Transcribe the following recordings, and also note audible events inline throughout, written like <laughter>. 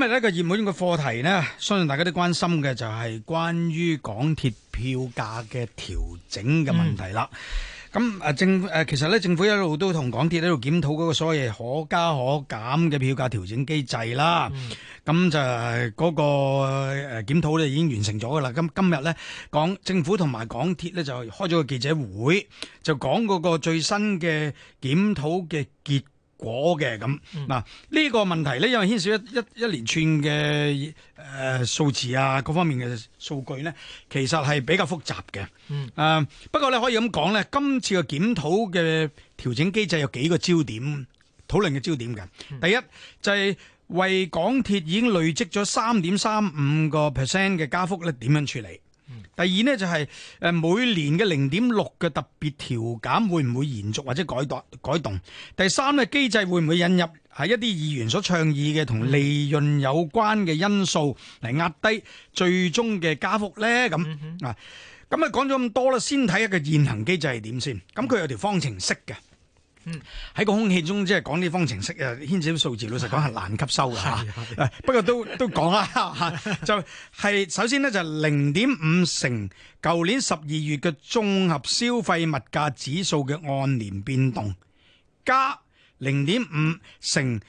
今日呢個熱門個課題呢，相信大家都關心嘅，就係關於港鐵票價嘅調整嘅問題啦。咁啊政誒，其實呢政府一路都同港鐵喺度檢討嗰個所謂可加可減嘅票價調整機制啦。咁、嗯、就係嗰個誒檢討咧已經完成咗噶啦。咁今日呢港政府同埋港鐵呢就開咗個記者會，就講嗰個最新嘅檢討嘅結果。果嘅咁，嗱，呢個問題咧，因為牽涉一一一連串嘅誒數字啊，各方面嘅數據咧，其實係比較複雜嘅。誒、嗯、呃，不過咧可以咁講咧，今次嘅檢討嘅調整機制有幾個焦點、討論嘅焦點嘅。嗯、第一就係、是、為港鐵已經累積咗三點三五個 percent 嘅加幅咧，點樣處理？第二呢，就係誒，每年嘅零點六嘅特別調減會唔會延續或者改動改動？第三呢，機制會唔會引入喺一啲議員所倡議嘅同利潤有關嘅因素嚟壓低最終嘅加幅呢？咁啊，咁啊講咗咁多啦，先睇一個現行機制係點先。咁佢有條方程式嘅。喺、嗯、個空氣中，即係講啲方程式啊，牽涉啲數字。老實講係難吸收嘅吓。的的不過都都講啦， <laughs> 就係首先呢就零點五成舊年十二月嘅綜合消費物價指數嘅按年變動，加零點五成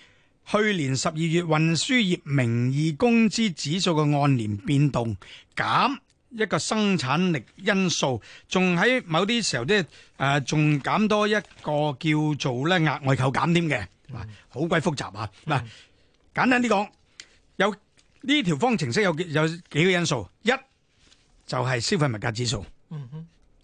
去年十二月運輸業名義工資指數嘅按年變動，減。一個生產力因素，仲喺某啲時候咧誒，仲減多一個叫做咧額外扣減添嘅，嗱，好鬼複雜啊！嗱，簡單啲講，有呢條方程式有有幾個因素，一就係消費物價指數。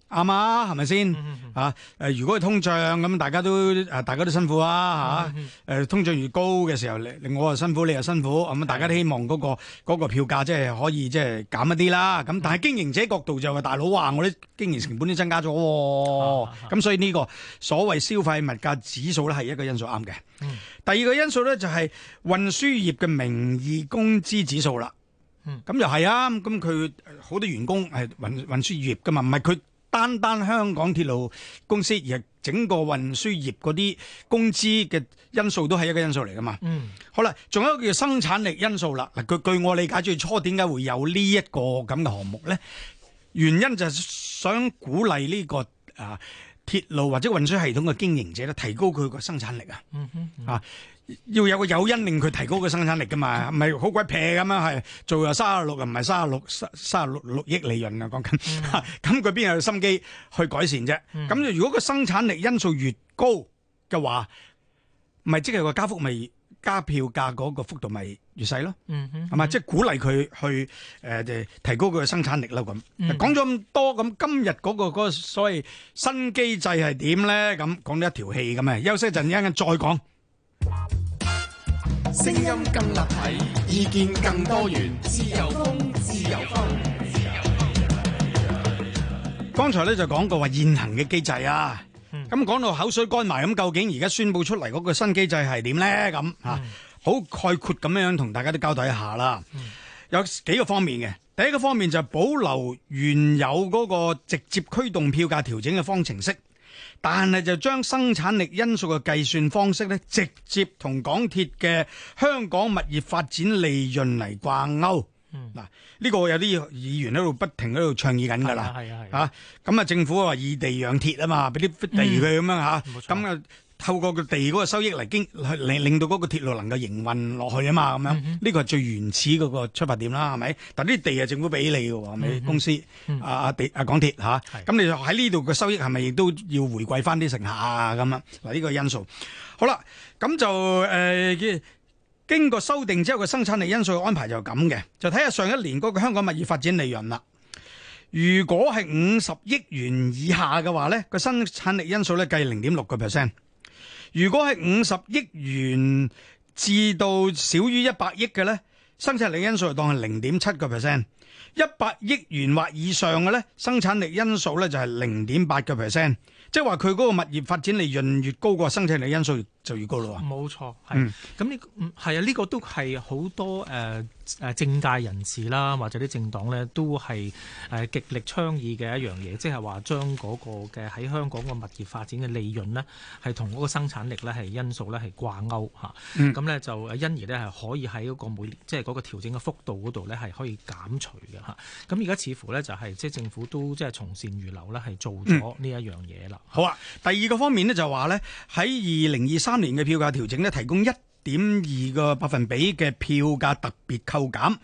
啱、嗯、哼啊，係咪先？吓，誒，如果係通脹咁，大家都誒，大家都辛苦啊，吓，嗯哼，誒、啊，通脹越高嘅時候，你令我又辛苦，你又辛苦，咁、嗯、大家都希望嗰、嗰個、嗯、嗰個票價即係可以即係減一啲啦。咁但係經營者的角度就係、是、大佬話我啲經營成本都增加咗，哦，咁、嗯、哼所以呢個所謂消費物價指數咧係一個因素啱嘅。嗯、第二個因素咧就係運輸業嘅名義工資指數啦。咁又係啊，咁佢好多員工係運運輸業噶嘛，唔係佢。單單香港鐵路公司，而係整個運輸業嗰啲工資嘅因素都係一個因素嚟噶嘛？嗯，好啦，仲有一個叫生產力因素啦。嗱，據據我理解，最初點解會有呢一個咁嘅項目呢？原因就係想鼓勵呢、呢個啊鐵路或者運輸系統嘅經營者咧，提高佢個生產力嗯嗯啊。嗯哼啊。要有個誘因令佢提高個生產力噶嘛，唔係好鬼撇咁樣係做又三十六，唔係三十六，三十六億利潤啊！講緊咁佢邊有心機去改善啫？咁、mm hmm. 如果個生產力因素越高嘅話，咪即係個加幅咪加票價嗰個幅度咪越細咯？係咪、mm？即、hmm. 係、就是、鼓勵佢去誒、呃就是、提高個生產力啦？咁講咗咁多，咁今日嗰、嗰個、嗰個所謂新機制係點咧？咁講咗一條氣咁啊！休息一陣間再講。聲音更立體，意見更多元，自由風，自由風，自由風。剛才咧就講過話現行嘅機制啊，咁講、嗯、到口水乾埋，咁究竟而家宣布出嚟嗰個新機制係點呢？咁好、嗯、概括咁樣樣同大家都交代一下啦。嗯、有幾個方面嘅，第一個方面就係保留原有嗰個直接驅動票價調整嘅方程式。但係就將生產力因素嘅計算方式呢，直接同港鐵嘅香港物業發展利潤嚟掛鈎。嗱、嗯，呢個有啲議員喺度不停喺度倡議緊噶啦。啊，咁啊，政府話以地養鐵啊嘛，俾啲地佢咁樣吓，咁啊。啊嗯嗯透過個地嗰個收益嚟經令令到嗰個鐵路能夠營運落去啊嘛，咁樣呢、嗯、哼個係最原始嗰個出發點啦，係咪？但啲地、嗯、哼啊，政府俾你嘅喎，係咪公司啊啊地啊，港鐵咁、啊、是你就喺呢度嘅收益係咪亦都要回饋翻啲乘客啊？咁樣嗱，呢、啊呢個因素好啦，咁就誒、呃、經過修訂之後嘅生產力因素安排就咁嘅，就睇下上一年嗰個香港物業發展利潤啦。如果係五十億元以下嘅話咧，個生產力因素咧計零點六個 percent。如果係五十億元至到少於一百億嘅咧，生產力因素當係零點七個 percent；一百億元或以上嘅咧，生產力因素咧就係零點八個 percent。即係話佢嗰個物業發展利潤越高，個生產力因素就越高咯。冇錯，係咁呢？係、嗯，這個、啊，呢、呢個都係好多誒。呃誒政界人士啦，或者啲政黨呢，都係誒極力倡議嘅一樣嘢，即係話將嗰個嘅喺香港個物業發展嘅利潤呢，係同嗰個生產力呢係因素呢係掛鈎嚇。咁呢、嗯，就因而呢，係可以喺嗰個每即係嗰個調整嘅幅度嗰度呢，係可以減除嘅嚇。咁而家似乎呢，就係即係政府都即係從善如流呢，係做咗呢一樣嘢啦。好啊，第二個方面呢，就話呢，喺二零二三年嘅票價調整呢，提供一點二個百分比嘅票價特別扣減，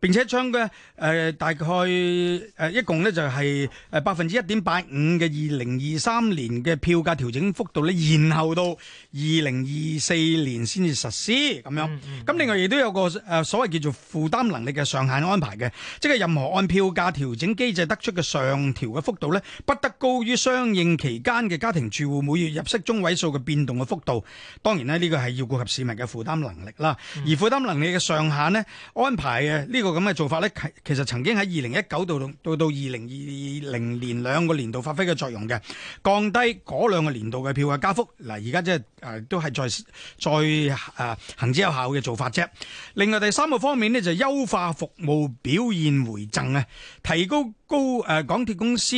並且將嘅誒大概誒、呃、一共咧就係誒百分之一點八五嘅二零二三年嘅票價調整幅度咧，延後到二零二四年先至實施咁樣咁、嗯嗯、另外亦都有個誒、呃、所謂叫做負擔能力嘅上限安排嘅，即係任何按票價調整機制得出嘅上調嘅幅度咧，不得高於相應期間嘅家庭住戶每月入息中位數嘅變動嘅幅度。當然咧，呢、呢個係要顧及市民嘅。負擔能力啦，而負擔能力嘅上限呢，安排嘅呢個咁嘅做法呢，其實實曾經喺二零一九度到到二零二零年兩個年度發揮嘅作用嘅，降低嗰兩個年度嘅票價加幅。嗱、就是，而家即係都係在再誒、呃、行之有效嘅做法啫。另外第三個方面呢，就係、是、優化服務表現回贈啊，提高高、呃、港鐵公司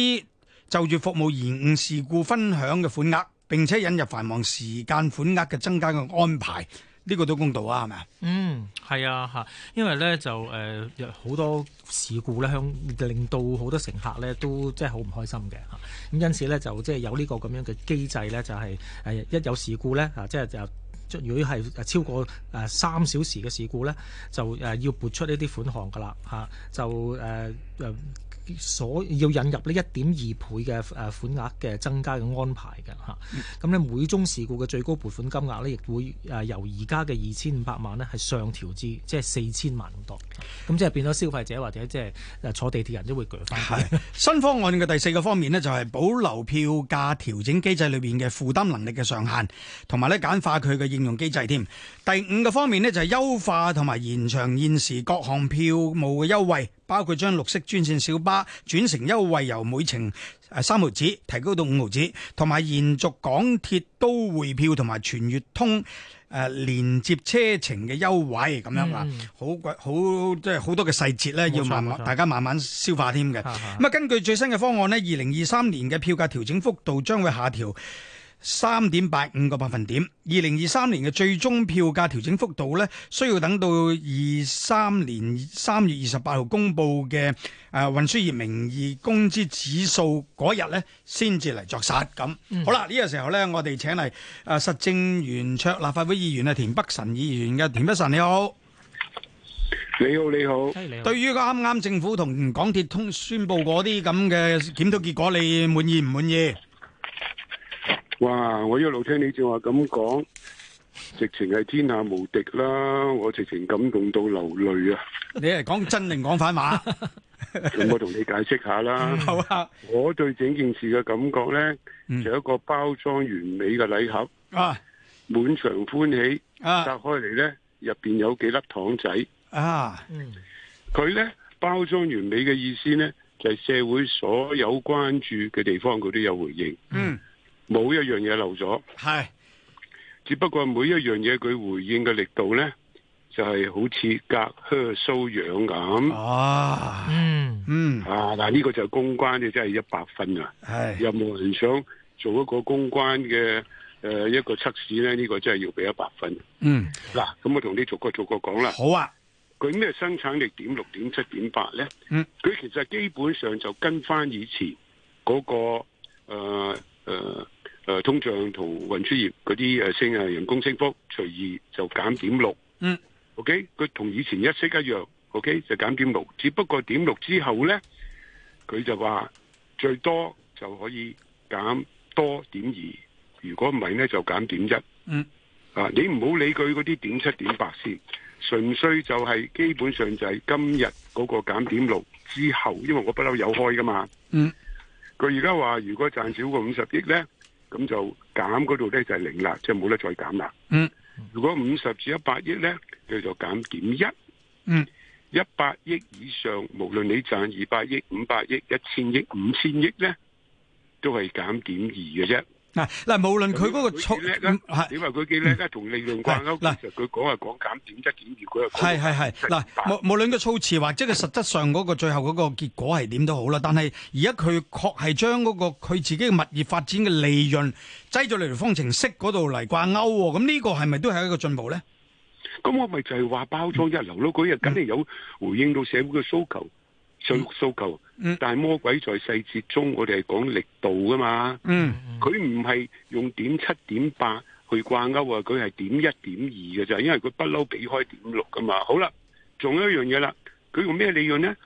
就住服務延誤事故分享嘅款額，並且引入繁忙時間款額嘅增加嘅安排。呢個都公道啊，係咪？嗯，係啊，嚇，因為咧就誒好、呃、多事故咧，香令到好多乘客咧都即係好唔開心嘅嚇。咁因此咧就即係有呢個咁樣嘅機制咧，就係誒、就是呃、一有事故咧嚇、啊，即係就如果係超過誒、呃、三小時嘅事故咧，就誒、呃、要撥出呢啲款項㗎啦嚇，就誒誒。呃呃所要引入呢一點二倍嘅誒款額嘅增加嘅安排嘅㗎，咁呢每宗事故嘅最高賠款金額呢，亦會誒由而家嘅二千五百萬呢係上調至即係四千萬咁多。咁即係變咗消費者或者即係坐地鐵人都會舉翻。新方案嘅第四個方面呢，就係保留票價調整機制裏邊嘅負擔能力嘅上限，同埋呢，簡化佢嘅應用機制添。第五個方面呢，就係優化同埋延長現時各項票務嘅優惠。包括將綠色專線小巴轉乘優惠，由每程三毫子提高到五毫子，同埋延續港鐵都會票同埋全月通誒、呃、連接車程嘅優惠咁、嗯、樣啊，好鬼好即係好，好多嘅細節咧，要慢大家慢慢消化添嘅。咁啊，根據最新嘅方案呢，二零二三年嘅票價調整幅度將會下調，三點八五個百分點，二零二三年嘅最終票價調整幅度呢，需要等到二三年三月二十八號公布嘅誒運輸業名義工資指數嗰日呢，先至嚟作實咁。嗯、好啦、呢、這個時候呢，我哋請嚟誒、啊，實政圓桌立法會議員啊，田北辰議員嘅。田北辰你好，你好，你好你好，對於啱啱政府同港鐵通宣布嗰啲咁嘅檢討結果，你滿意唔滿意？哇！我一路聽你正話咁講，直情係天下無敵啦！我直情感動到流淚啊！你係講真定講反話？我同 <laughs> 你解釋下啦。嗯、我對整件事嘅感覺呢，就是、一個包裝完美嘅禮盒啊，滿、嗯、場歡喜啊，拆開嚟呢，入邊有幾粒糖仔啊。佢、嗯、呢，包裝完美嘅意思呢，就係、是、社會所有關注嘅地方，佢都有回應。嗯。冇一樣嘢漏咗，係是，只不過每一樣嘢佢回應嘅力度咧，就係、是、好似隔靴搔癢咁。啊嗯嗯，啊，嗱呢、嗯、個就係公關嘅真係一百分啊。係是，有冇人想做一個公關嘅誒、呃、一個測試咧？呢、這個真係要俾一百分。嗯，嗱、啊，咁我同你逐個逐個講啦。好啊，佢咩生產力點六點七點八咧？嗯，佢其實基本上就跟翻以前嗰、那個誒誒。呃呃誒、啊，通脹同運輸業嗰啲誒升啊，人工升幅，隨意就減點六、嗯。嗯，OK，佢同以前一式一樣，OK 就減點六。只不過點六之後呢，佢就話最多就可以減多點二，如果唔係呢，就減點一。嗯，啊，你唔好理佢嗰啲點七點八先，純粹就係基本上就係今日嗰個減點六之後，因為我不嬲有開噶嘛。嗯，佢而家話如果賺少過五十億呢。咁就減嗰度呢，就係零啦，即係冇得再減啦。嗯，如果五十至一百億呢，叫做減點一。嗯，一百億以上，無論你賺二百億、五百億、一千億、五千億呢，都係減點二嘅啫。嗱嗱，無論佢嗰個措辭，因為佢幾叻，而家同利潤掛鈎。嗱，佢講係講減點一減二，佢係係係。嗱，無無論個措辭或者佢實質上嗰個最後嗰個結果係點都好啦。但係而家佢確係將嗰個佢自己物業發展嘅利潤擠咗嚟方程式嗰度嚟掛鈎。咁呢個係咪都係一個進步咧？咁我咪就係話包裝一流咯。佢又緊係有回應到社會嘅訴求，上訴求。嗯、但係魔鬼在細節中，我哋係講力度噶嘛嗯。嗯，佢唔係用點七點八去掛鈎啊，佢係點一點二嘅咋，因為佢不嬲比開點六噶嘛。好啦，仲有一樣嘢啦，佢用咩利潤呢？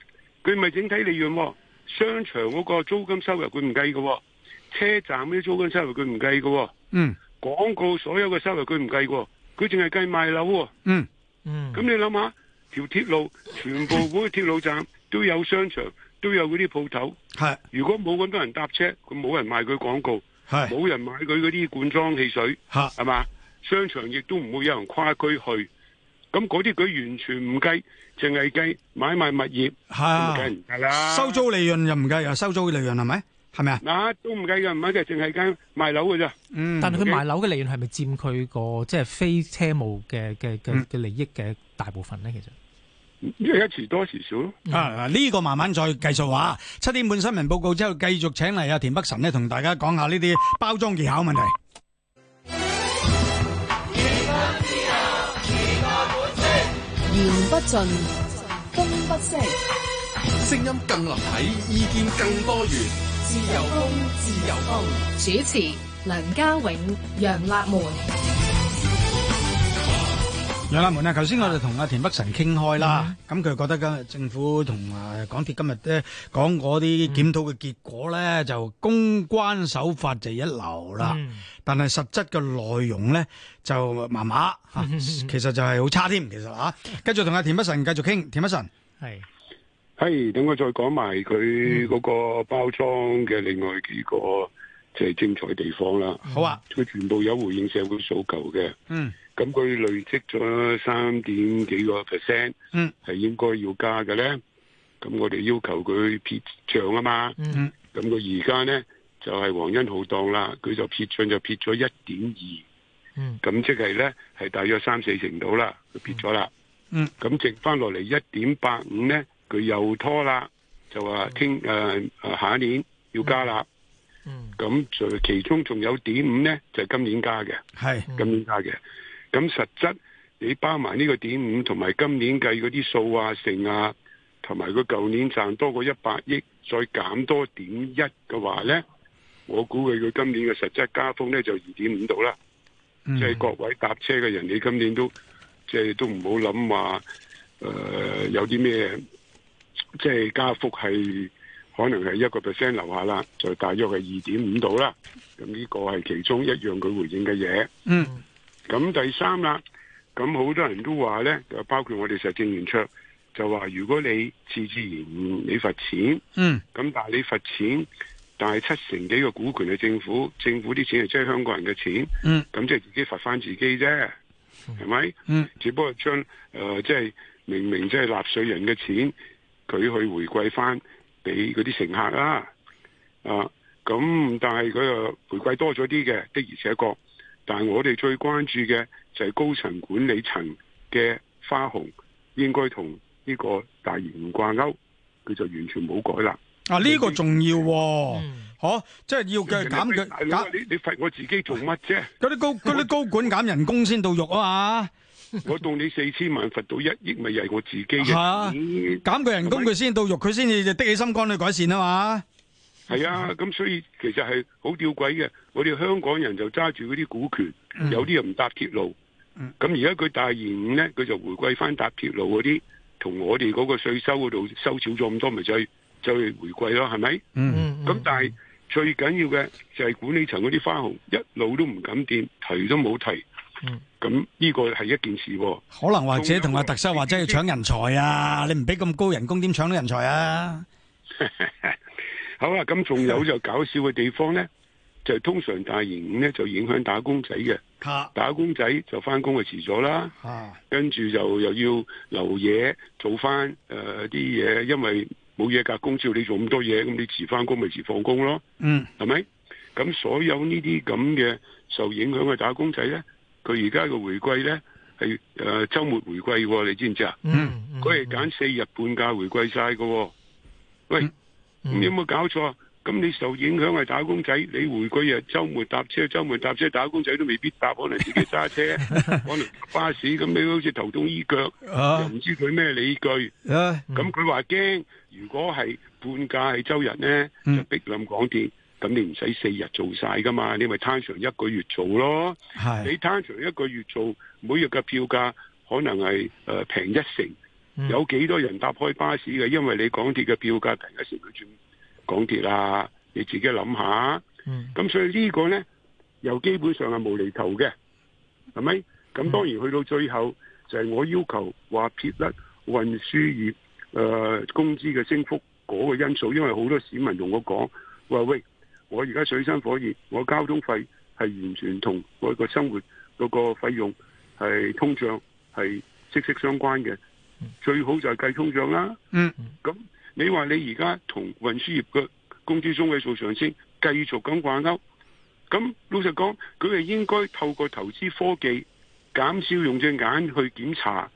佢咪整體利潤，哦，商場嗰個租金收入佢唔計噶、哦，車站啲租金收入佢唔計噶、哦。嗯，廣告所有嘅收入佢唔計噶、哦，佢淨係計賣樓啊、哦嗯。嗯嗯，咁你諗下，條鐵路全部嗰個鐵路站都有商場。嗯嗯 <laughs> 都有嗰啲鋪頭，係是如果冇咁多人搭車，佢冇人賣佢廣告，係冇是人買佢嗰啲罐裝汽水，吓係嘛？商場亦都唔會有人跨區去，咁嗰啲佢完全唔計，淨係計買賣物業，係啦、啊，收租利潤又唔計，又收租嘅利潤係咪？係咪啊？嗱，都唔計噶，唔係即係淨係計賣樓噶咋？嗯，但係佢賣樓嘅利潤係咪佔佢個即係、就是、非車務嘅嘅嘅嘅利益嘅大部分咧？其實、嗯？一時多，時少咯。啊、嗯，嗱，呢個慢慢再繼續話。七點半新聞報告之後，繼續請嚟阿田北辰呢同大家講下呢啲包裝技巧問題。言不盡，風不息，聲音更立體，意見更多元。自由風，自由風，主持梁家永，楊立梅。楊立門啊，頭先我哋同阿田北辰傾開啦，咁佢覺得今日政府同啊港鐵今日咧講嗰啲檢討嘅結果咧，就公關手法就一流啦，但係實質嘅內容咧就麻麻吓，其實就係好差添，其實吓。繼續同阿田北辰繼續傾，田北辰係係，等我再講埋佢嗰個包裝嘅另外幾個就係精彩地方啦。好啊，佢全部有回應社會訴求嘅，嗯。咁佢累積咗三點幾個 percent，係應該要加嘅咧。咁、嗯、我哋要求佢撇賬啊嘛。咁佢而家咧就係、是、皇恩浩蕩啦，佢就撇賬就撇咗一點二。咁即係咧係大約三四成度啦，佢撇咗啦。咁、嗯嗯、剩翻落嚟一點八五咧，佢又拖啦，就話聽誒下一年要加啦。咁就、嗯嗯、其中仲有點五咧，就係、是、今年加嘅，係、嗯、今年加嘅。咁實質，你包埋呢、這個點五同埋今年計嗰啲數啊、成啊，同埋佢舊年賺多過一百億，再減多點一嘅話呢，我估計佢今年嘅實質加幅呢就二點五度啦。即係、嗯、各位搭車嘅人，你今年都即係、就是、都唔好諗話，誒有啲咩，即、就、係、是、加幅係可能係一個 percent 留下啦，就大約係二點五度啦。咁呢個係其中一樣佢回應嘅嘢。嗯。咁第三啦，咁好多人都話咧，就包括我哋實政圓桌，就話如果你自自然，你罰錢，嗯，咁但係你罰錢，但係七成幾個股權係政府，政府啲錢係即係香港人嘅錢，嗯，咁即係自己罰翻自己啫，係咪？嗯，吧嗯只不過將誒即係明明即係納稅人嘅錢，佢去回饋翻俾嗰啲乘客啦，啊，咁但係佢又回饋多咗啲嘅，的而且確。但係我哋最關注嘅就係高層管理層嘅花紅應該同呢個大型掛鈎，佢就完全冇改啦。啊，呢、呢個重要、啊，嗬、嗯啊，即係要嘅減嘅減。減你減你，你罰我自己做乜啫？嗰啲高嗰啲高管減人工先到肉啊嘛！我， <laughs> 我當你四千萬罰到一億，咪又係我自己嘅、啊。減佢人工佢先到肉，佢先至就的起心肝去改善啊嘛！係啊，咁所以其實係好吊詭嘅。我哋香港人就揸住嗰啲股權，有啲又唔搭鐵路。咁、嗯嗯、而家佢大二五咧，佢就回饋翻搭鐵路嗰啲，同我哋嗰個稅收嗰度收少咗咁多，咪再再回饋咯，係咪？咁、嗯嗯、但係最緊要嘅就係管理層嗰啲花紅一路都唔敢掂，提都冇提。咁呢、嗯、個係一件事、啊。可能或者同阿特首或者要搶人才啊？嗯、你唔俾咁高人工，點搶到人才啊？ <laughs> 好啦，啊，咁仲有就搞笑嘅地方呢，是就通常大型呢就影響打工仔嘅，啊、打工仔就翻工就遲咗啦，啊、跟住就又要留嘢做翻誒啲嘢，因為冇嘢隔工，只要你做咁多嘢，咁你遲翻工咪遲放工咯，嗯，係咪？咁所有呢啲咁嘅受影響嘅打工仔呢，佢而家嘅回歸呢，係誒、呃、週末回歸、哦，你知唔知啊、嗯？嗯，佢係揀四日半價回歸晒㗎，嗯、喂。嗯你有冇搞錯？咁你受影響係打工仔，你回歸啊？週末搭車，週末搭車打工仔都未必搭，可能自己揸車，可能巴士。咁你好似頭痛醫腳，又唔知佢咩理據。咁佢話驚，如果係半價係週日呢，就逼冧港鐵，咁你唔使四日做晒噶嘛？你咪攤長一個月做咯。你攤長一個月做，每日嘅票價可能係誒平一成。有幾多人搭開巴士嘅？因為你港鐵嘅票價平一時，佢轉港鐵啦，你自己諗下。咁所以呢個呢，又基本上係無厘頭嘅，係咪？咁當然去到最後就係、是、我要求話撇甩運輸業誒、呃、工資嘅升幅嗰個因素，因為好多市民同我講喂，喂，我而家水深火熱，我交通費係完全同我個生活嗰個費用係通脹係息息相關嘅。最好就係計通脹啦，咁、嗯、你話你而家同運輸業嘅工資中位數上升，繼續咁掛鈎，咁老實講，佢係應該透過投資科技減少用隻眼去檢查，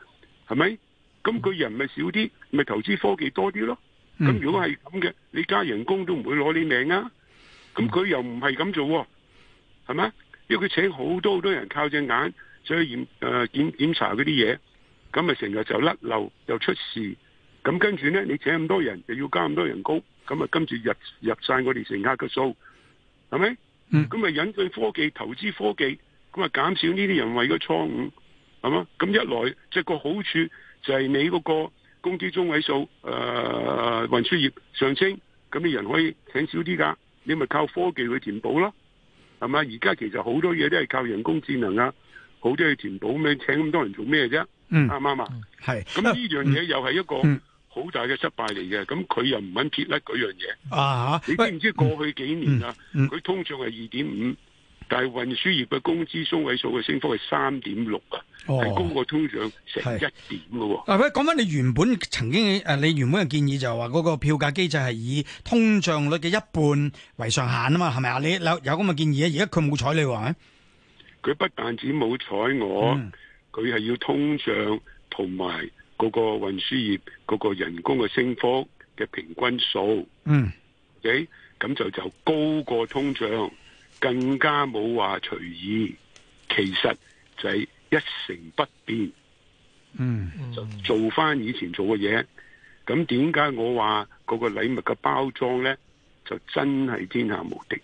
係咪？咁佢人咪少啲，咪投資科技多啲咯？咁如果係咁嘅，你加人工都唔會攞你命啊！咁佢又唔係咁做、啊，係咪？因為佢請好多好多人靠隻眼再去驗誒檢檢查嗰啲嘢。咁咪成日就甩漏又出事，咁跟住呢，你請咁多人又要加咁多人工，咁啊跟住入入晒我哋乘客嘅數，係咪？咁咪、嗯、引進科技投資科技，咁啊減少呢啲人為嘅錯誤，係嘛？咁一來即係、就係、個好處就係你嗰個工資中位數誒運輸業上升，咁你人可以請少啲噶，你咪靠科技去填補咯，係嘛？而家其實好多嘢都係靠人工智能啊。好啲去填補咩？請咁多人做咩啫？啱唔啱啊？係咁呢樣嘢又係一個好大嘅失敗嚟嘅。咁佢、嗯嗯、又唔肯撇甩嗰樣嘢啊哈！你知唔知喂過去幾年啊？佢、嗯嗯、通脹係二點五，但係運輸業嘅工資中位數嘅升幅係三點六啊，係高過通脹成一是一點嘅喎。嗱、啊，講翻你原本曾經、啊、你原本嘅建議就係話嗰個票價機制係以通脹率嘅一半為上限啊嘛，係咪啊？你有有咁嘅建議啊？而家佢冇睬你話佢不但止冇睬我，佢係、mm. 要通脹同埋嗰個運輸業、嗰個人工嘅升幅嘅平均數，嗯、mm.，OK，咁就就高過通脹，更加冇話隨意，其實就係一成不變，嗯，mm. mm. 就做翻以前做嘅嘢，咁點解我話個禮物嘅包裝咧，就真係天下無敵？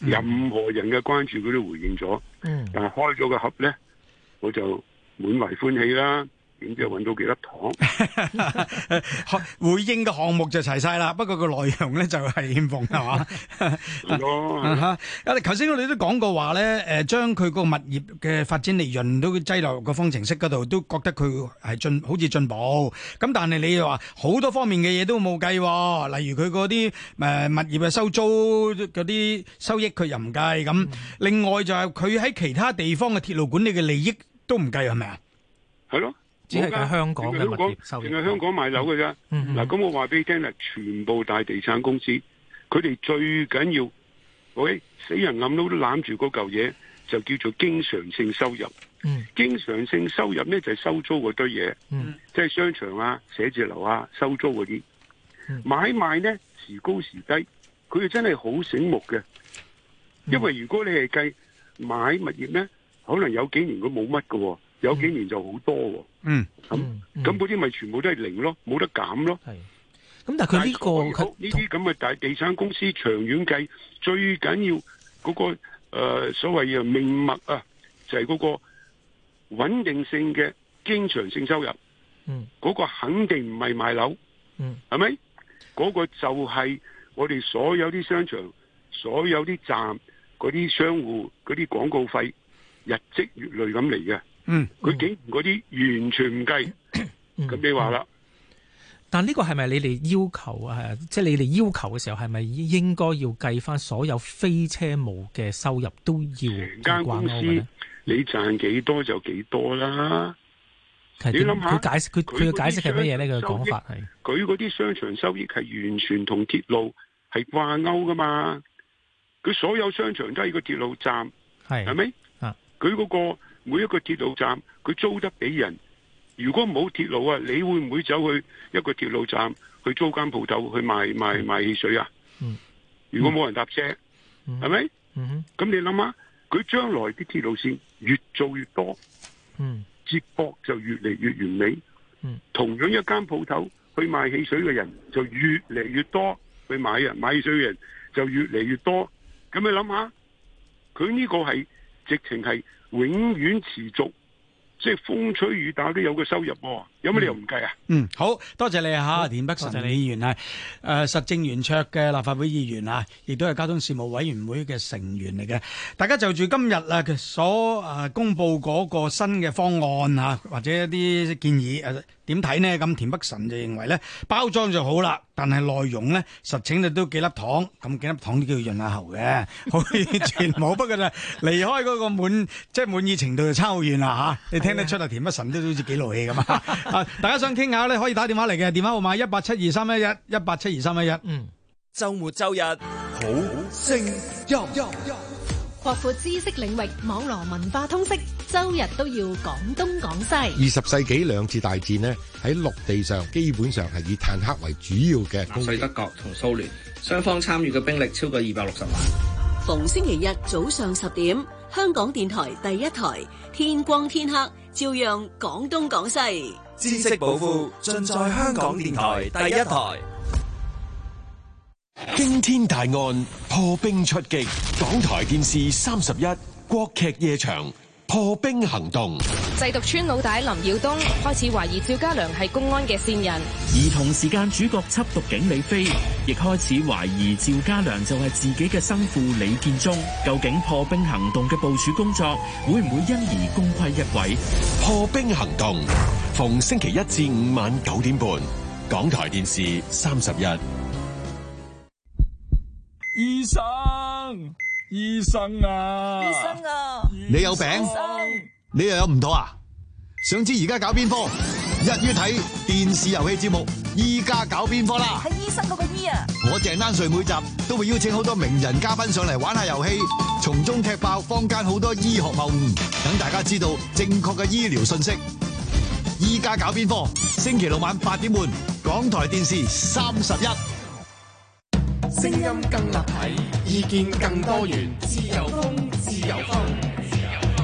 任何人嘅關注，佢都回應咗。但係開咗個盒咧，我就滿懷歡喜啦。點知揾到幾多糖？ <laughs> 回應嘅項目就齊晒啦，不過個內容咧就係欠奉係嘛？係啊吓！啊，頭先 <laughs> 我哋都講過話咧，誒，將佢個物業嘅發展利潤都擠落個方程式嗰度，都覺得佢係進，好似進步。咁但係你又話好多方面嘅嘢都冇計，例如佢嗰啲誒物業嘅收租嗰啲收益，佢又唔計咁。另外就係佢喺其他地方嘅鐵路管理嘅利益都唔計，係咪啊？係咯。只係香港嘅物業，淨係香港賣樓嘅啫。嗱，咁、嗯嗯嗯、我話俾你聽啦，全部大地產公司，佢哋最緊要喂，死人冧樓都攬住嗰嚿嘢，就叫做經常性收入。嗯、經常性收入咧就係收租嗰堆嘢，嗯、即係商場啊、寫字樓啊、收租嗰啲。買賣咧時高時低，佢哋真係好醒目嘅。因為如果你係計買物業咧，可能有幾年佢冇乜㗎。有幾年就好多，嗯，咁咁嗰啲咪全部都係零咯，冇得減咯，係，咁但係佢呢個，呢啲咁嘅大地產公司長遠計，跟最緊要嗰、嗰個誒、呃、所謂嘅命脈啊，就係、是、嗰個穩定性嘅經常性收入，嗯，嗰個肯定唔係賣樓，嗯，係咪？嗰、嗰個就係我哋所有啲商場、所有啲站嗰啲商戶嗰啲廣告費日積月累咁嚟嘅。嗯，佢竟然嗰啲完全唔計，咁你話啦？但呢個係咪你哋要求啊？即係、係啊、你哋要求嘅時候，係咪應該要計翻所有非車務嘅收入都要掛鈎，你賺幾多就幾多啦。嗯、你諗下佢解釋，佢佢嘅解釋係乜嘢咧？佢嘅講法係佢嗰啲商場收益係完全同鐵路係掛鈎噶嘛？佢所有商場都係個鐵路站，係，係咪啊？佢嗰嗎、嗰個。每一個鐵路站，佢租得俾人。如果冇鐵路啊，你會唔會走去一個鐵路站去租間鋪頭去賣賣，賣汽水啊？嗯嗯、如果冇人搭車，係咪、嗯嗯？嗯咁你諗下，佢將來啲鐵路綫越做越多，嗯，接駁就越嚟越完美。嗯嗯、同樣一間鋪頭去賣汽水嘅人就越嚟越多，去買啊，買汽水嘅人就越嚟越多。咁你諗下，佢呢個係直情係。永遠持續，即係風吹雨打都有個收入，有乜理由唔計啊？嗯，好多謝你吓，田北辰議員係誒，實政圓桌嘅立法會議員吓，亦都係交通事務委員會嘅成員嚟嘅。大家就住今日啊，所誒公布嗰個新嘅方案吓，或者一啲建議誒。點睇呢？咁田北辰就認為咧，包裝就好啦，但係內容咧，實情都幾粒糖，咁幾粒糖都叫潤下喉嘅，好，完全冇。不過咧離開嗰個滿，即係滿意程度就差好遠啦嚇。你聽得出啊？田北辰都好似幾勞氣咁啊！大家想傾下咧，可以打電話嚟嘅電話號碼一八七二三一一一八七二三一一。嗯，週末週日好聲音。擴闊知識領域，網絡文化通識，周日都要講東講西。二十世紀兩次大戰呢喺陸地上基本上係以坦克為主要嘅攻勢。納粹德國同蘇聯雙方參與嘅兵力超過二百六十萬。逢星期日早上十點，香港電台第一台天光天黑，照樣講東講西。知識寶庫盡在香港電台第一台。驚天大案破冰出擊，港台電視三十一國劇夜場破冰行動。製毒村老大林耀東開始懷疑趙家良係公安嘅線人，而同時間主角緝毒警李飛亦開始懷疑趙家良就係自己嘅生父李建忠。究竟破冰行動嘅部署工作會唔會因而功虧一簣？破冰行動逢星期一至五晚九點半，港台電視三十一。醫生，醫生啊！醫生啊！醫生啊，你有病？醫生啊、你又有唔妥啊？想知而家搞邊科？一於睇電視遊戲節目，依家搞邊科啦？係醫生嗰個醫啊！我鄭丹瑞每集都會邀請好多名人嘉賓上嚟玩下遊戲，從中踢爆坊間好多醫學謬誤，等大家知道正確嘅醫療信息。依家搞邊科？星期六晚八點半，港台電視三十一。聲音更立體，意見更多元，自由風，自由風，自由風。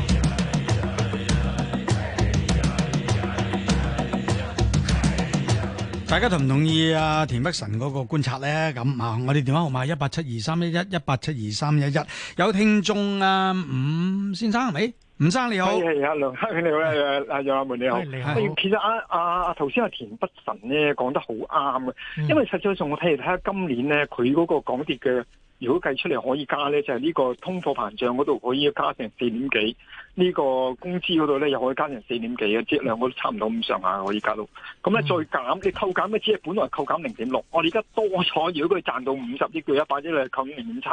大家同唔同意啊？田北辰嗰個觀察咧，咁啊，我哋電話號碼一八七二三一一一八七二三一一，有聽眾啊，伍、嗯、先生係咪？是吳生你好，係阿梁克你好，係阿楊亞梅你好。其實啊啊頭先阿田北辰咧講得好啱嘅，因為實際上我睇睇下今年咧，佢嗰個港鐵嘅，如果計出嚟可以加咧，就係、是、呢個通貨膨脹嗰度可以加成四點幾，呢、這個工資嗰度咧又可以加成四點幾嘅，即係兩個都差唔多咁上下可以加。我而家都咁咧再減，你扣減嘅只係本來扣減零點六，我哋而家多咗，如果佢賺到五十億佢一百億你扣五零點七。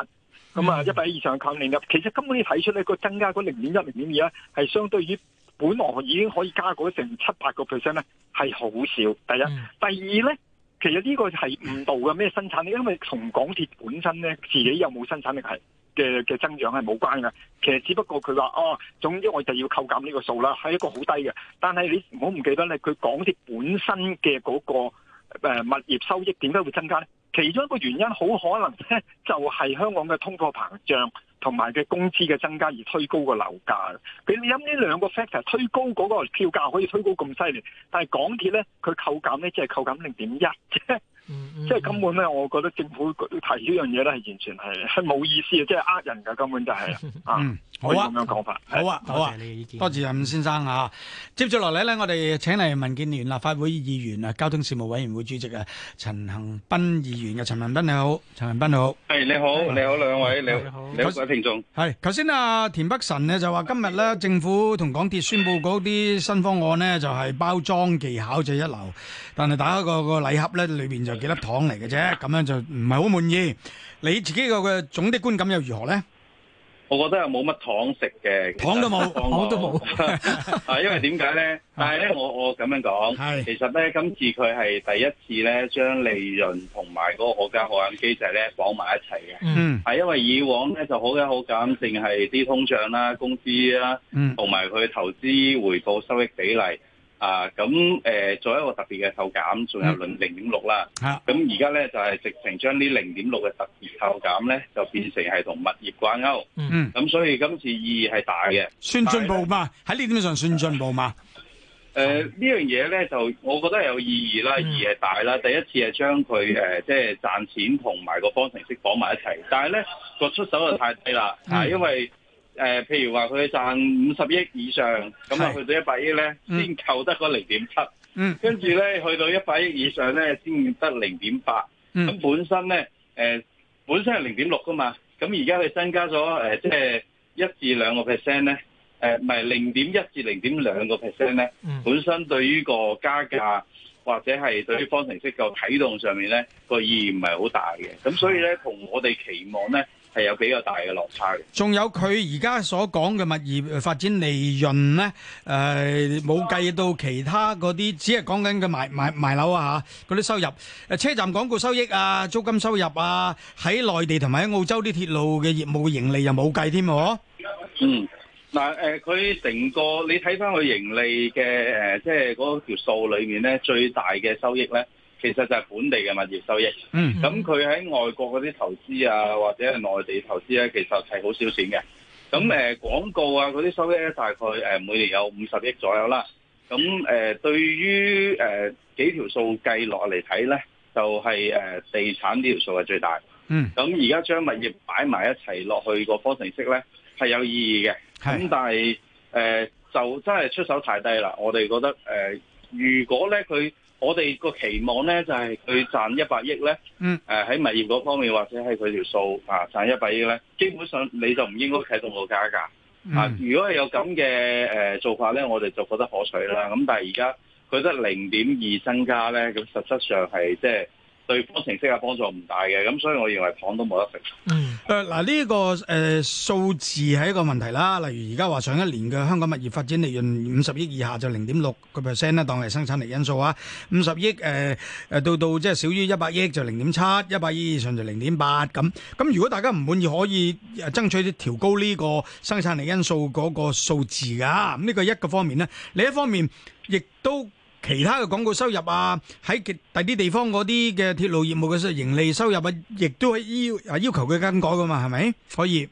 咁啊，一百、嗯嗯、以上嘅扣年入，其實根本你睇出咧，個增加嗰零點一、零點二咧，係相對於本來已經可以加嗰成七八個 percent 咧，係好少。第一，第二咧，其實呢個係誤導嘅咩生產力，因為同港鐵本身咧，自己有冇生產力係嘅嘅增長係冇關嘅。其實只不過佢話哦，總之我就要扣減呢個數啦，係一個好低嘅。但係你唔好唔記得你，佢港鐵本身嘅嗰個誒物業收益點解會增加咧？其中一個原因，好可能咧，就係香港嘅通貨膨脹同埋嘅工資嘅增加而推高樓價個樓價嘅。你諗呢兩個 factor 推高嗰個票價可以推高咁犀利，但係港鐵咧佢扣減咧只係扣減零點一啫，即係、 <laughs> 嗯嗯、根本咧，我覺得政府提呢樣嘢咧係完全係係冇意思，即係呃人㗎，根本就係啊。嗯嗯好啊，好啊，多謝你嘅意見。多謝任先生嚇。接住落嚟咧，我哋請嚟民建聯立法會議員啊，交通事務委員會主席啊，陳恒鑌議員嘅。陳恒鑌你好，陳恒鑌你好。係你好，你好兩位，你好，你好各位聽眾。係，頭先啊，田北辰咧就話今日咧，政府同港鐵宣佈嗰啲新方案咧，就係包裝技巧就一流，但係打開個個禮盒咧，裏邊就幾粒糖嚟嘅啫，咁樣就唔係好滿意。你自己個嘅總的觀感又如何咧？我覺得又冇乜糖食嘅，糖都冇，糖都冇。因為點解咧？但係咧，我我咁樣講，其實咧今次佢係第一次咧將利潤同埋嗰個可加可減機制咧綁埋一齊嘅。嗯，係因為以往咧就好加好減，淨係啲通脹啦、啊、工資啦，同埋佢投資回報收益比例。啊，咁誒、呃，作為一個特別嘅扣減，仲有零零點六啦。咁而家咧就係、是、直情將呢零點六嘅特別扣減咧，就變成係同物業掛鈎。咁、嗯、所以今次意義係大嘅，算進步嘛？喺呢點上算進步嘛？誒、呃，樣呢樣嘢咧就我覺得係有意義啦，意義係、嗯、大啦。第一次係將佢誒即係賺錢同埋個方程式綁埋一齊，但係咧個出手就太低啦，嚇、嗯啊，因為。誒、呃，譬如話佢賺五十億以上，咁啊是去到一百億咧，先、嗯、扣得個零點七。嗯，跟住咧去到一百億以上咧，先得零點八。咁本身咧，誒、呃，本身係零點六㗎嘛。咁而家佢增加咗誒，即係一至兩個 percent 咧，誒，唔係零點一至零點兩個 percent 咧。呢嗯、本身對於個加價或者係對於方程式個啟動上面咧，那個意義唔係好大嘅。咁所以咧，同我哋期望咧。係有比較大嘅落差嘅，仲有，佢而家所講嘅物業發展利潤咧，誒，冇計到其他嗰啲，只係講緊佢賣賣賣樓啊吓，嗰啲收入，誒，車站廣告收益啊，租金收入啊，喺內地同埋喺澳洲啲鐵路嘅業務盈利又冇計添，嗯，嗱，誒，佢成個你睇翻佢盈利嘅，誒，即係嗰條數裏面咧，最大嘅收益咧。其實就係本地嘅物業收益，咁佢喺外國嗰啲投資啊，或者係內地投資咧、啊，其實係好少錢嘅。咁誒、嗯呃、廣告啊嗰啲收益咧，大概誒、呃、每年有五十億左右啦。咁誒、呃、對於誒、呃、幾條數計落嚟睇咧，就係、是、誒、呃、地產呢條數係最大。嗯。咁而家將物業擺埋一齊落去個方程式咧，係有意義嘅。咁的但係誒、呃、就真係出手太低啦。我哋覺得誒、呃，如果咧佢。它.我哋個期望咧就係、是、佢賺一百億咧，誒喺、嗯呃、物業嗰方面或者係佢條數啊賺一百億咧，基本上你就唔應該提出個加價格、嗯、啊！如果係有咁嘅誒做法咧，我哋就覺得可取啦。咁但係而家佢得零點二增加咧，咁實質上係即係對方程式嘅幫助唔大嘅。咁所以我認為糖都冇得食。嗯。誒，嗱呢、呃這個誒、呃、數字係一個問題啦。例如而家話上一年嘅香港物業發展利潤五十億以下就零點六個 percent 啦，當係生產力因素啊。五十億誒誒、呃、到到即係少於一百億就零點七，一百億以上就零點八咁。咁如果大家唔滿意，可以爭取啲調高呢個生產力因素嗰個數字噶、啊。咁、這、呢個一個方面呢，另一方面亦都。其他嘅廣告收入啊，喺第啲地方嗰啲嘅鐵路業務嘅盈利收入啊，亦都係要要求佢更改㗎嘛，係咪？可以？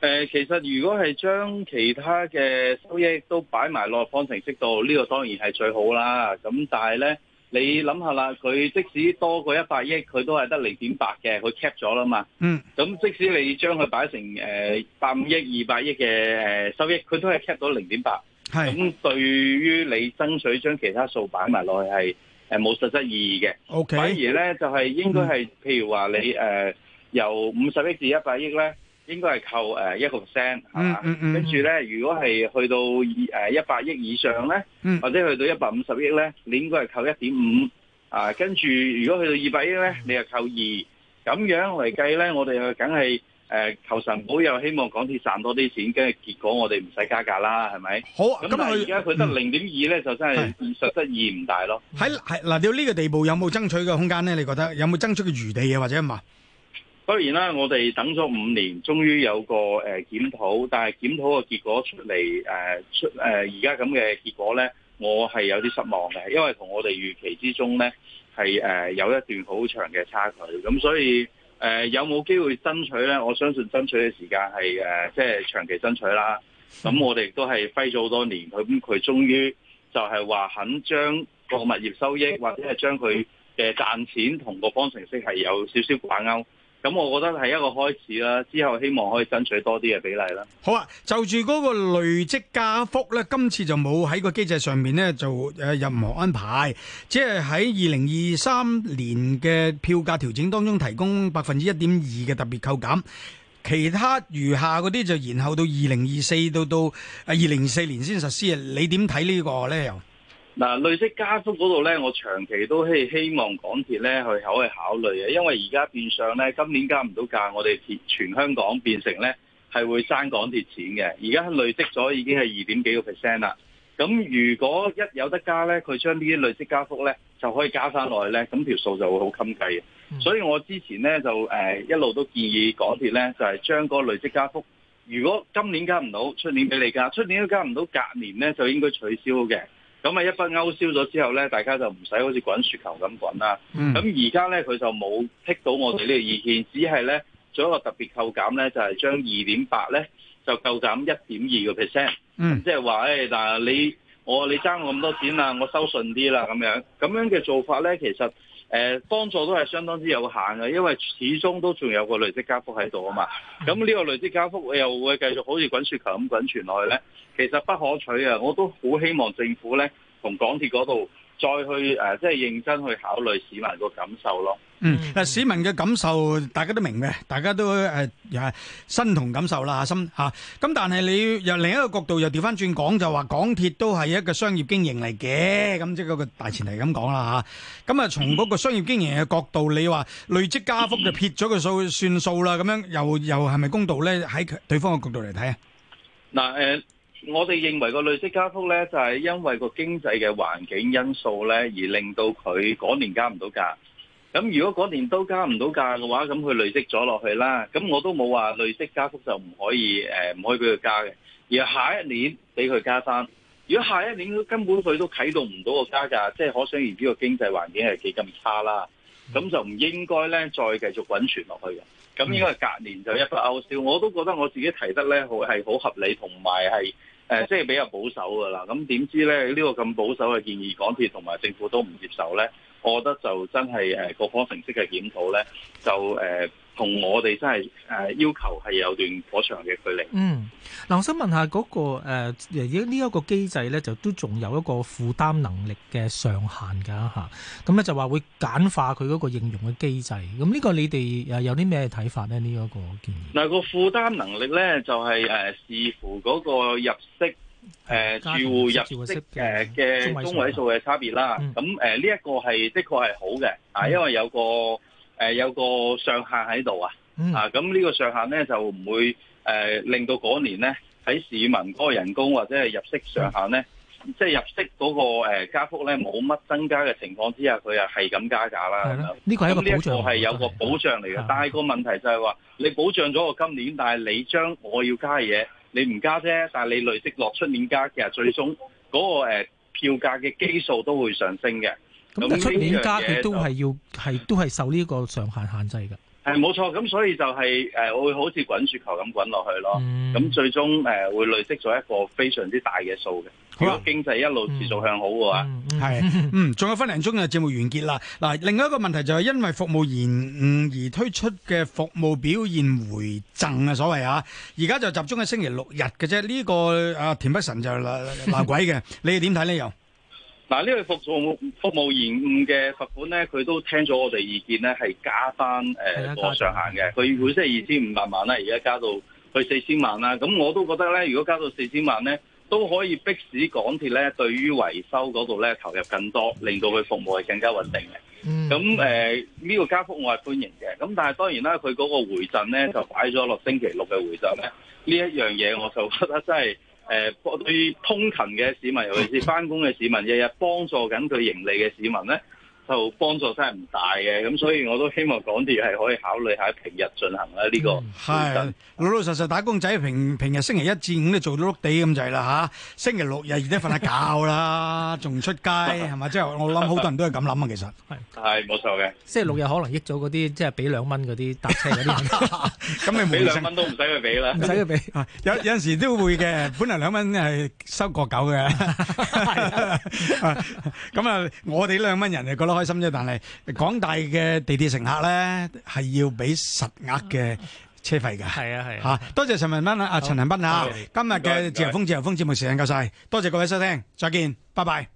呃，其實如果係將其他嘅收益都擺埋落方程式度，呢個當然係最好啦。咁但係咧，你諗下啦，佢即使多過一百億，佢都係得零點八嘅，佢 cap 咗啦嘛。嗯。咁即使你將佢擺成誒百五億、二百億嘅收益，佢都係 cap 到零點八。咁是對於你爭取將其他數擺埋落去係誒冇實質意義嘅，okay, 反而咧就係、是、應該係、嗯、譬如話你誒、呃、由五十億至一百億咧，應該係扣誒一個 percent，係嘛？呃嗯嗯嗯、跟住咧，如果係去到誒一百億以上咧，或者去到一百五十億咧，你應該係扣一點五，啊，跟住如果去到二百億咧，你又扣二，咁樣嚟計咧，我哋又梗係。誒，求神保佑，希望港鐵賺多啲錢，跟住結果我哋唔使加價啦，係咪？好，咁，但係而家佢得零點二咧，就真係實質意唔大咯。喺係嗱，到呢個地步有冇爭取嘅空間咧？你覺得有冇爭取嘅餘地嘅、啊、或者唔係？當然啦、啊，我哋等咗五年，終於有個誒檢討，但係檢討嘅結果出嚟誒、呃、出誒而家咁嘅結果咧，我係有啲失望嘅，因為同我哋預期之中咧係誒有一段好長嘅差距，咁所以。誒有冇機會爭取呢？我相信爭取嘅時間係誒，即係長期爭取啦。咁我哋亦都係揮咗好多年佢，咁佢終於就係話肯將個物業收益或者係將佢嘅賺錢同個方程式係有少少掛鈎。咁，我覺得係一個開始啦。之後希望可以爭取多啲嘅比例啦。好啊，就住嗰個累積加幅呢，今次就冇喺個機制上面呢做誒任何安排。即係喺二零二三年嘅票價調整當中提供百分之一點二嘅特別扣減，其他餘下嗰啲就延後到二零二四到到啊二零二四年先實施。你點睇呢個呢？嗱，累積加幅嗰度咧，我長期都希希望港鐵咧去可以考慮嘅，因為而家變相咧，今年加唔到價，我哋全全香港變成咧係會爭港鐵錢嘅。而家累積咗已經係二點幾個 percent 啦。咁如果一有得加咧，佢將呢啲累積加幅咧就可以加翻落去咧，咁條數就會好襟計嘅。所以我之前咧就、呃、一路都建議港鐵咧就係將個累積加幅，如果今年加唔到，出年俾你加，出年都加唔到，隔年咧就應該取消嘅。咁啊一筆勾銷咗之後咧，大家就唔使好似滾雪球咁滾啦。嗯。咁而家咧佢就冇剔到我哋呢個意見，只係咧做一個特別扣減咧，就係、是、將二點八咧就扣減一點二個 percent。即係話誒，嗱、嗯哎、你我你爭我咁多錢啦，我收順啲啦咁樣。咁樣嘅做法咧，其實，誒幫助都係相當之有限嘅，因為始終都仲有個累積加幅喺度啊嘛，咁呢個累積加幅又會繼續好似滾雪球咁滾傳落去咧，其實不可取啊！我都好希望政府咧，同港鐵嗰度。再去誒，即係認真去考慮市民個感受咯。嗯，嗱，市民嘅感受大家都明嘅，大家都誒又係身同感受啦嚇心嚇。咁但係你由另一個角度又調翻轉講，就話港鐵都係一個商業經營嚟嘅，咁即係嗰個大前提咁講啦嚇。咁啊，從嗰個商業經營嘅角度，你話累積加幅就撇咗個數算數啦，咁樣又又係咪公道咧？喺對方嘅角度嚟睇啊？嗱誒。我哋認為個累積加幅咧，就係、是、因為個經濟嘅環境因素咧，而令到佢嗰年加唔到價。咁如果嗰年都加唔到價嘅話，咁佢累積咗落去啦。咁我都冇話累積加幅就唔可以誒，唔可以俾佢加嘅。而下一年俾佢加返。如果下一年都根本佢都啟動唔到個加價，即、就、係、是、可想而知個經濟環境係幾咁差啦。咁就唔應該咧再繼續滾存落去嘅。咁應該隔年就一筆勾銷，我都覺得我自己提得咧，係好合理同埋係誒即係比較保守㗎啦。咁點知咧，呢個咁保守嘅建議，港鐵同埋政府都唔接受咧，我覺得就真係誒各方形式嘅檢討咧，就、呃同我哋真係要求係有段頗長嘅距離。嗯，嗱，我想問下嗰、那個誒呢一個機制咧，就都仲有一個負擔能力嘅上限㗎嚇。咁咧就話會簡化佢嗰個應用嘅機制。咁呢個你哋有啲咩睇法咧？呢、這、一個嗱個負擔能力咧，就係、是、誒、呃、視乎嗰個入息住戶、呃、入息嘅中位數嘅差別啦。咁呢一個係的確係好嘅啊，因為有個。嗯誒有個上限喺度、嗯、啊，啊咁呢個上限咧就唔會誒、呃、令到嗰年咧喺市民嗰個人工或者係入息上限咧，嗯、即係入息嗰、嗰個加、呃、幅咧冇乜增加嘅情況之下，佢又係咁加價啦。係咯的，呢、啊、個係一個保障。咁有個保障嚟嘅，的但係個問題就係話你保障咗我今年，但係你將我要加嘅嘢，你唔加啫，但係你累積落出年加，其實最終嗰、嗰個、呃、票價嘅基數都會上升嘅。咁出年家，佢、嗯、都係要係都係受呢個上限限制嘅。係冇錯，咁所以就係、是、誒、呃、會好似滾雪球咁滾落去咯。咁、嗯嗯、最終誒會累積咗一個非常之大嘅數嘅。如果經濟一路持續向好嘅話，係、啊、嗯仲、嗯嗯 <laughs> 嗯、有分零鐘嘅節目完結啦。嗱，另外一個問題就係因為服務延誤而推出嘅服務表現回贈嘅所謂啊，而家就集中喺星期六日嘅啫。呢、這個啊田北辰就鬧 <laughs> 鬼嘅，你哋點睇呢又？嗱，呢個服務服務延誤嘅罰款咧，佢都聽咗我哋意見咧，係加翻誒、呃、個上限嘅。佢本身係二千五百萬啦，而家加到去四千萬啦。咁我都覺得咧，如果加到四千萬咧，都可以迫使港鐵咧對於維修嗰度咧投入更多，令到佢服務係更加穩定嘅。咁誒呢個加幅我係歡迎嘅。咁但係當然啦，佢嗰個回贈咧就擺咗落星期六嘅回贈咧，呢一樣嘢我就覺得真係。誒，對通勤嘅市民，尤其是返工嘅市民，日日幫助緊佢盈利嘅市民咧。就幫助真係唔大嘅，咁所以我都希望港鐵係可以考慮下平日進行啦。呢個係老老實實打工仔平平日星期一至五都做到碌地咁就係啦嚇，星期六日而家瞓下覺啦，仲出街係咪？即係我諗好多人都係咁諗啊，其實係係冇錯嘅。星期六日可能益咗嗰啲即係俾兩蚊嗰啲搭車嗰啲，咁你俾兩蚊都唔使去俾啦，唔使去俾。有有陣時都會嘅，本嚟兩蚊係收個九嘅。咁啊，我哋兩蚊人覺得。開心啫，但係廣大嘅地鐵乘客咧係要俾實額嘅車費嘅。係啊，係啊。吓，多謝陳恒鑌啊，阿陳恒鑌啊，今日嘅自由風自由風節目時間夠晒，多謝各位收聽，再見，拜拜。